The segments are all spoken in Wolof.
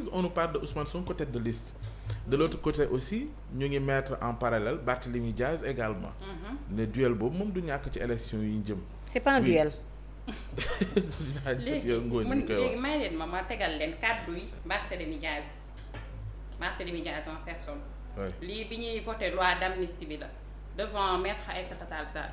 entreprise on nous parle de Ousmane Sonko tête de liste de l' autre côté aussi ñu ngi mettre en parallèle Barthélémy Diaz également mm-hmm. moom du ñàkk ci élection yi ñu jëm c'est pas un duel léegi mën léegi may ma ma leen kàddu yi Barthélémy Diaz Barthélémy Diaz en personne lii bi ñuy voté loi d'amnistie bi la devant maître Aïssata Tall Sall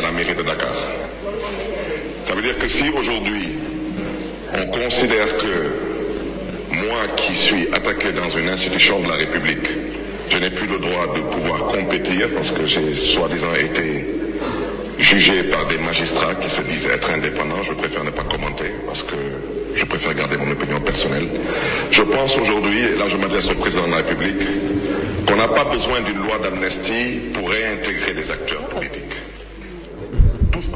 à la mairie de si aujourd'hui, on considère que moi qui suis attaqué dans une institution de la République, je n'ai plus le droit de pouvoir compétir parce que j'ai soi-disant été jugé par des magistrats qui se disent être indépendants. Je préfère ne pas commenter parce que je préfère garder mon opinion personnelle. Je pense aujourd'hui, là je m'adresse au président de la République, qu'on n'a pas besoin d'une loi d'amnistie pour réintégrer les acteurs politiques.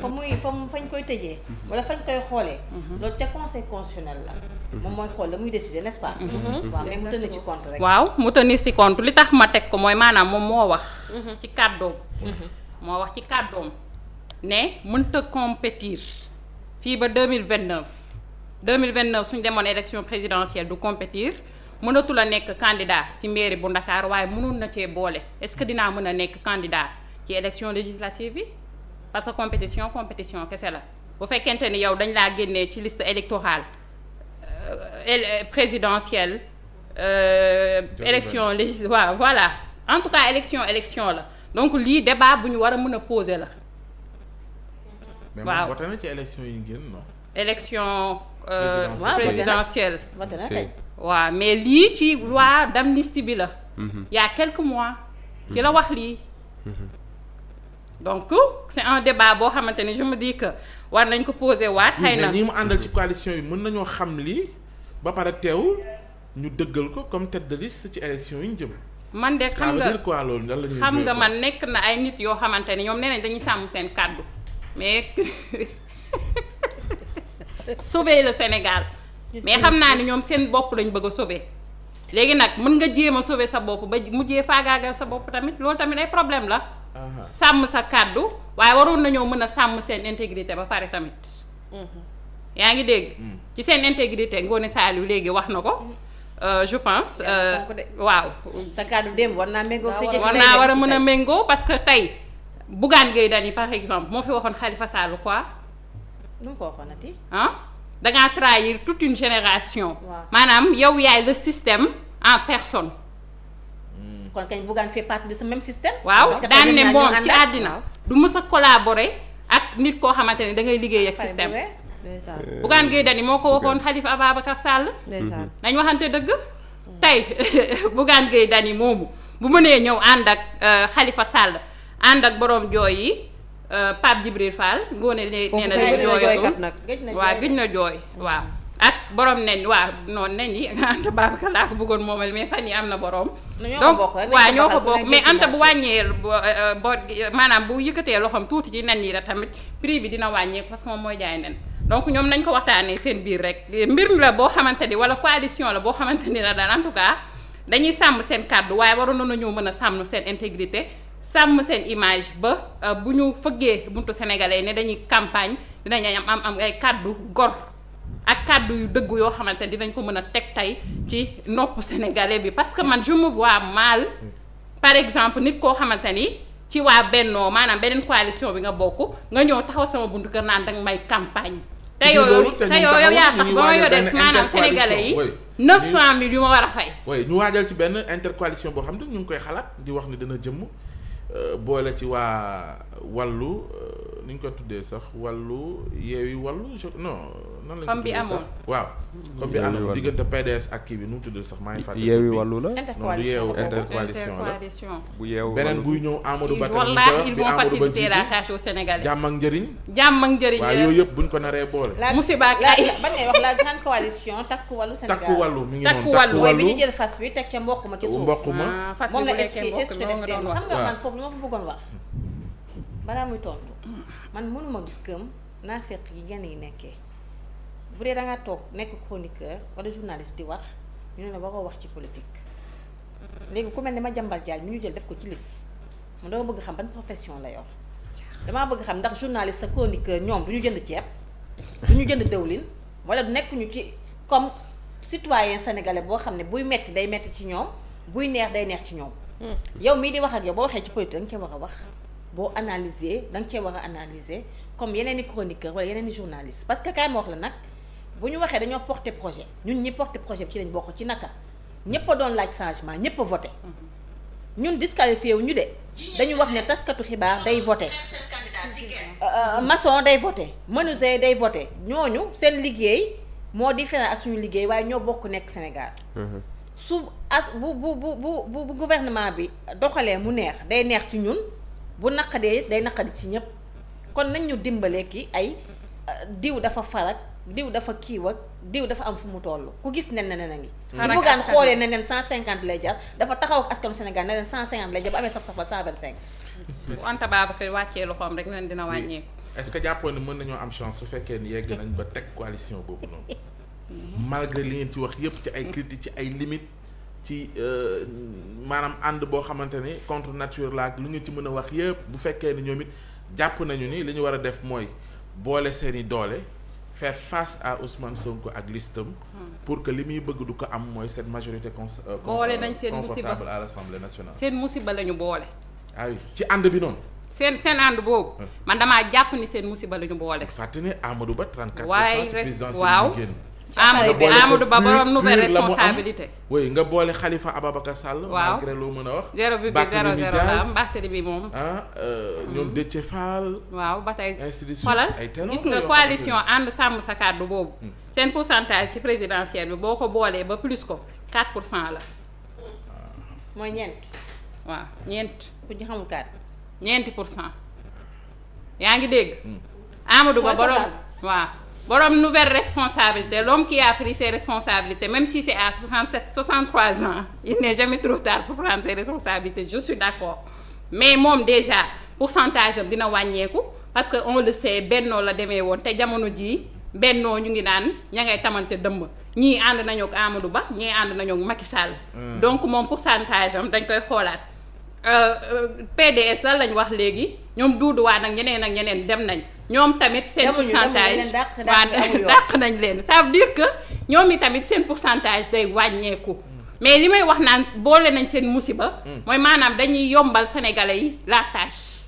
fa muy fa fañ koy tëjee mhm. wala fañ koy xoolee mhm. loolu ca conseil constitutionnel la mhm. moom mooy xool la muy décider n'est-ce pas mais mu tënn ci compte waaw mu tënn ci compte li tax ma teg ko mooy maanaam moom moo wax ci kàddoom moo wax ci kàddoom ne mënta compétir fii ba 2029 2029 suñ demoon élection présidentielle du compétir mënatul a nekk candidat ci mairie bu Ndakaar waaye mënoon na cee boole est-ce que dinaa mën a nekk candidat ci élection législative bi parce que compétition compétition kese la bu fekkente ni yow dañ laa génnee ci liste électorale euh, présidentielle euh, élection législative waaw voilà en tout cas élection élection la donc lii débat bu ñu war a mën a poser la euh, waaw mais voté na lii ci loi d'amnistie bi la mhm. il y mois ci la wax lii mhm. donc c' est un débat boo xamante ni je me dis que war nañ ko poser waat. xëy na ñi mu àndal ci coalition yi mën nañoo xam lii ba pare teew ñu dëggal ko comme tête de liste ci élection yi ñu jëm. man de xam nga xam nga man nekk na ay nit yoo xamante ni ñoom nee dañuy sàmm seen kàddu mais sauver la Sénégal mais xam naa ni ñoom seen bopp lañ bëgg a sauver. léegi nag mun nga jéem a sauver sa bopp ba mujjee faagaagal sa bopp tamit loolu tamit ay problème la. sàmm sa kàddu waaye waroon nañoo mën a sàmm seen intégrité ba pare tamit. Mhm. yaa ngi dégg. Mm. ci seen intégrité Ngoné Saliou léegi wax na ko. Mm. Euh, je pense. Euh, waaw. sa kàddu démb war naa méngoo sa jëf war a mën a méngoo parce que tey. Bougane Gueye Dany par exemple moo fi waxoon Khalifa Sall quoi. nu mu ko waxoonati. ah da ngaa trahir une génération. maanaam yow yaay le système en personne. kon kañ Bougane fait partie de ce même système. waaw daan ne moom ci àddina du mës a ak nit koo xamante ne da ngay liggéey ak système. Euh, Bougane Gueye Dany moo ko waxoon Khalifa Ababacar Sall. dañ mhm. waxante dëgg. tey Bougane Gueye Dany moomu bu mënee ñëw ànd ak xalifa euh, Sall ànd ak borom jooy yi. Euh, Pape Djibril Fall ngoone nee na dañu jooyatul waa gëj na jooy waaw ak borom nen waa noonu nen yi Anta Babacar laa ko bëggoon moomal mais fan yi am na borom. donc waa ñoo ko bokk mais Anta bu wàññee euh, euh, bor maanaam bu yëkkatee loxoom tuuti ci nen yi rek tamit prix bi dina wàññeeku parce moom mooy jaay nen. donc ñoom nañ ko waxtaanee seen biir rek mbir la boo xamante ni wala coalition la boo xamante ni la daal en dañuy sàmm seen kàddu waaye waroon na nañoo mën a sàmm seen intégrité sàmm seen image ba euh, bu ñu fëggee buntu sénégalais ne dañuy campagne dinañ am am ay kàddu gor. ak kàddu yu dëgg yoo xamante ne dinañ ko mën a teg tey ci nopp sénégalais bi parce que man je waa vois mal par exemple nit koo xamante ni ci waa bennoo maanaam beneen coalition bi nga bokk nga ñëw taxaw sama buntu kër naan danga may campagne te yooyu te yooyu yaa tax ba ma yore maanaam sénégalais yi neuf cent mille yu ma war a fay way ñu waajal ci benn intercoalition boo xam ne ñu ngi koy xalaat di wax ni dana jëmm euh, boole ci waa wallu euh, ni ñu ko tuddee sax wàllu yeewi wàllu non. nan la ñu ko tuddee sax waaw. comme bi amoon diggante PDS ak kii bi nu mu tuddee sax maa ngi fàtte. yeewi wàllu la intercoalition la intercoalition la. bu beneen buy ñëw Amadou Ba. wallaahi ils vont faciliter la tâche aux Sénégalais. jàmm ak njëriñ. jàmm ak njëriñ yëpp buñ ko naree boole. musiba ak ay ban ngay wax la grande coalition takku wàllu Sénégal takku wàllu mi ngi noonu takku wàllu bi ñu jël fas bi teg ca mboq ma ci suuf mboq ma moom la esprit esprit def xam nga man foofu lu ma fa bëggoon wax balaa muy tontu man mënuma gëm naa fekk yi genn yi nekkee bu dee da toog nekk chroniqueur wala journaliste di wax ñu ne la waroo wax ci politique léegi ku mel ne ma jàmbal jaaj mi ñu jël def ko ci liste man dama bëgg xam ban profession la yoon damaa bëgg xam ndax journaliste sa chroniqueur ñoom du ñu jënd ceeb du ñu jënd dëwlin wala nekk ñu ci comme citoyen sénégalais boo xam ne buy metti day metti ci ñoom buy neex day neex ci ñoom hmm. yow mii di wax ak yow boo waxee ci politique cee war wax boo analyser danga nga cee war a analyser comme yeneen i chroniqueur wala yeneen i journaliste parce que kaay ma wax la nag bu ñu waxee dañoo porter projet ñun ñi porté projet bi ci lañ bokk ci naka ñëpp doon laaj changement ñëpp a voté ñun disqualifié wu ñu de dañu wax ne taskatu xibaar day voté maçon day voté menuisier day voté ñooñu seen liggéey moo différent ak suñu liggéey waaye ñoo bokk nekk Sénégal mhm. su as bu bu bu bu bu gouvernement bi doxalee mu neex day neex ci ñun bu naqadee day naqadi ci ñëpp kon nañ ñu dimbalee ki ay euh, diw dafa farak diw dafa kiiw ak diw dafa am fu mu toll ku gis nen na nen a ngi bu ne nen cent cinquante lay jar dafa taxaw ak askanu senegal ne leen cent cinquante lay jar bu amee saf-safa cent vingt cinq bu Anta Babacar wàccee loxoom rek nen dina wàññeeku est que jàppoon ne mën nañoo am chance su fekkee ni yegg nañ ba teg coalition boobu noonu malgré li ci wax yépp ci ay critique ci ay limites ci euh, maanaam ànd boo xamante ni contre nature la ak lu ñu ci mën a wax yëpp bu fekkee ni ñoom it jàpp nañu ni li ñu war a def mooy boole seen i doole faire face à Ousmane Sonko ak listam pour que li muy bëgg du ko am mooy seen majorité euh, con boole nañ seen musiba à l'Assemblée nationale seen musiba la ñu boole ah ci ànd bi noonu seen seen ànd boobu man damaa jàpp ni seen musiba la ñu boole fàtte ne Amadou Ba 34 pour cent présidentielle waaw Amadou Ba borom nouvelle responsabilité oui nga boole Khalifa Ababacar Sall. waaw malgré loo mën a wax. zéro virgule zéro zéro la am moom. ah euh, ñoom mm. Déthié waaw ba tey xoolal gis nga coalition ànd sàmm sa kàddu boobu. Mm. seen pourcentage ci présidentielle bi boo ko boolee ba plus ko 4 pour cent la. Ah. mooy ñeent. waaw ñeent. ku ñu xamul kaat. ñeenti pour cent. yaa ngi dégg. Mm. Amadou Ba borom waaw. borom nouvelle responsabilité l'homme qui a pris ses responsabilités même si c'est à 67 63 ans il n'est jamais trop tard pour prendre ses responsabilités je suis d'accord mais moom déjà pourcentage am dina wàññeeku parce que on le sait bennoo la demee woon te jamono jii bennoo ñu ngi naan ña ngay tamante dëmb ñii ànd nañoo ak Ba ñii ànd nañoo ak Macky Sall mm. donc moom pourcentage am dañ koy xoolaat Euh, euh, PDS lan lañ wax léegi ñoom Doudou Wade ak ñeneen ak ñeneen dem nañ ñoom tamit seen pourcentage waaw dàq nañ leen ça veut ñoom i tamit seen pourcentage day wàññeeku mais li may wax naan boole nañ seen musiba hmm. mooy maanaam dañuy yombal sénégalais yi la tâche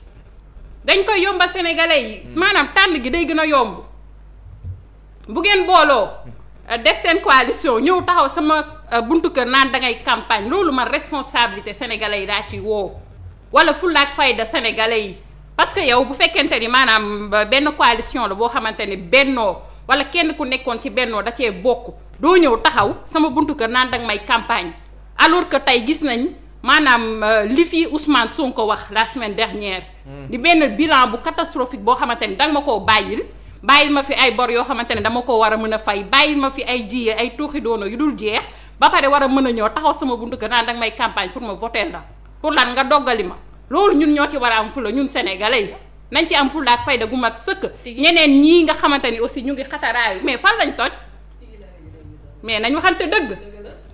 dañ koy yombal sénégalais yi hmm. maanaam tànn gi day gën a yomb bu ngeen booloo hmm. def seen coalition ñëw taxaw sama euh, buntu kër naan da ngay campagne loolu man responsabilité sénégalais yi daa ci woo wala fullaak fayda sénégalais yi parce que yow bu fekkente ni maanaam euh, benn coalition la boo xamante ni bennoo wala kenn ku nekkoon ci bennoo da cee bokk doo ñëw taxaw sama buntu kër naan da may campagne alors que tey gis nañ maanaam euh, li fi Ousmane ko wax la semaine dernière. Hmm. di benn bilan bu catastrophique boo xamante ni danga ma koo bàyyil. bàyyil ma fi ay bor yoo xamante ne dama ko war a mën a fay bàyyil ma fi ay jiye ay tuuxi doono yu dul jeex ba pare war a mën a ñëw taxaw sama buntu kër naan danga may campagne pour ma voter la pour lan nga doggali ma loolu ñun ñoo ci war a am fula ñun sénégalais yi nañ ci am fula ak fayda gu mat sëkk ñeneen ñii nga xamante ni aussi ñu ngi xataraayu mais fan lañ toj mais nañ waxante dëgg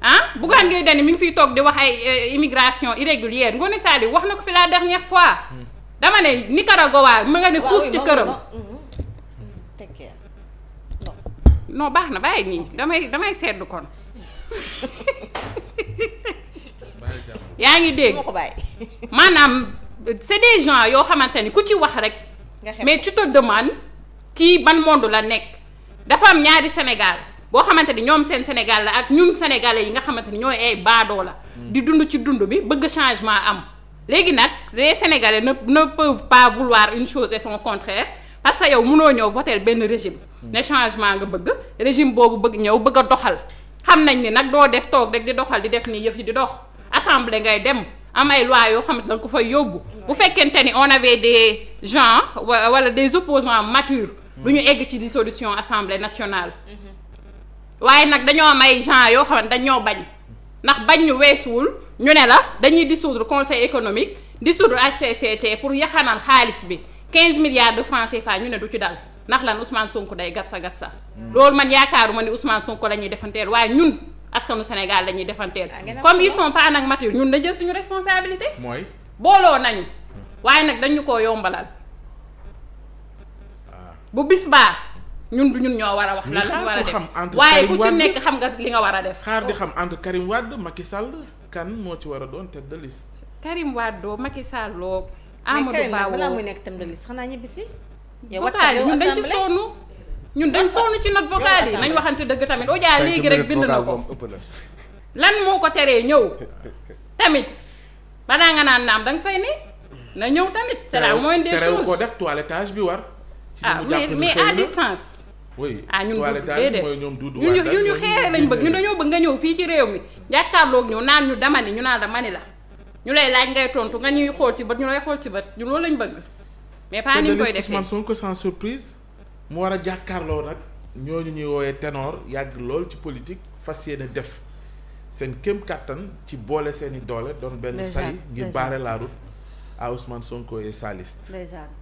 ah Bougane Gueye Dany mi ngi fiy toog di wax ay eh, immigration irrégulière Ngoné Saliou wax na ko fi la dernière fois hmm. dama ne Nicaragua ma nga ne xuus ci këram non baax na bàyyi nii damay damay sedd kon yaa ngi dégg maanaam c'est des gens yoo xamante ni ku ci wax rek mais ci te demandes kii ban monde la nekk dafa am ñaari Sénégal boo xamante ni ñoom seen Sénégal la ak ñun sénégalais yi nga xamante ni ñooy ay baadoo la hmm. di dund ci dund bi bëgg changement am léegi nag les sénégalais ne ne peuvent pas vouloir une chose son contraire parce que yow munoo ñëw voter benn régime ne changement nga bëgg régime boobu bëgg ñëw bëgg a doxal xam nañ ni nag doo def toog rek di doxal di def nii yëf yi di dox assemblée ngay dem am ay loi yoo xam ne dañ ko fay yóbbu bu fekkente ni on avait des gens wala des opposants matures du ñu egg ci dissolution assemblée nationale waaye nag dañoo am ay yoo xam ne dañoo bañ ndax bañ ñu weesuwul ñu ne la dañuy dissoudre conseil économique dissoudre HCCT pour yaxanal xaalis bi 15 milliards de francs CFA ñu ne du ci dal ndax lan Ousmane Sonko day gat sa gat a loolu man yaakaaruma ni Ousmane Sonko la defanteel waaye ñun askanu Sénégal la ñuy defanteel ah, comme ils sont pas nag mature ñun na jël suñu responsabilité mooy booloo nañu waaye nag dañu koo yombalal ah. bu bis baa ñun du ñun ñoo war a wax lan lañu a nekk xam nga li nga war a def xaar di xam entre Karim Wade Macky Sall kan moo ci war a doon tête de liste Karim Wade Macky Sall Ah, Amadou Ba woo balaa muy nekk thème de liste xanaa ñibbi si. yow vocal yi ñun dañ ci sonn ñun dañ sonn ci note vocale yi nañ waxante dëgg tamit Odia léegi rek bind na ko lan moo ko teree ñëw tamit balaa nga naan naam da nga fay ne na ñëw tamit. c'est la moindre des choses ko bi war. ah mais mais à distance. oui ah, toilettage mooy ñoom duudu waat ñun ñu xeere lañ bëgg ñun dañoo bëgg nga ñëw fii ci réew mi jàkkaarloog ñëw naan ñu damani ñu naan damani la ñu lay laaj ngay tontu nga ñuy xool ci bët ñu lay xool ci bët ñu loolu lañu bëgg. mais pas ni ñu koy defee Ousmane Sonko sans surprise mu war a jàkkaarloo nag ñoo ñooñu ñuy woowee tenoor yàgg lool ci politique fas yéene def seen kéem kàttan ci boole seen i doole doon benn say ngir barrer la route à Ousmane Sonko et sa